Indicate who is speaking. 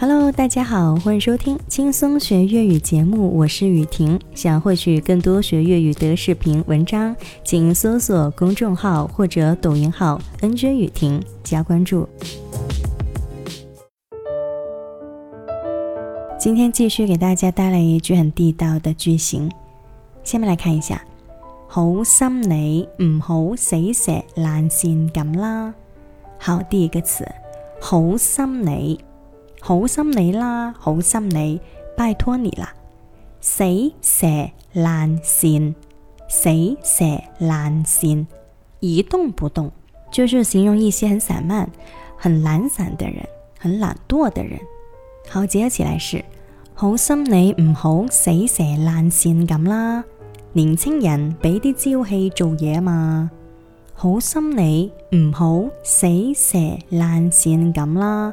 Speaker 1: Hello，大家好，歡迎收聽輕鬆學粵語節目，我是宇婷。想獲取更多學粵語的視頻文章，請搜索公眾號或者抖音號 “NJ 宇婷”加關注。今天繼續給大家帶來一句很地道的句型，下面來看一下：“好心你唔好死蛇爛鱔咁啦。”好，第一個詞，好心你。好心你啦，好心你，拜託你啦。死蛇爛鱔，死蛇爛鱔，一動不動，就是形容一些很散漫、很懶散的人，很懶惰的人。好，接一次嚟說，好心你唔好死蛇爛鱔咁啦，年青人俾啲朝氣做嘢啊嘛。好心你唔好死蛇爛鱔咁啦。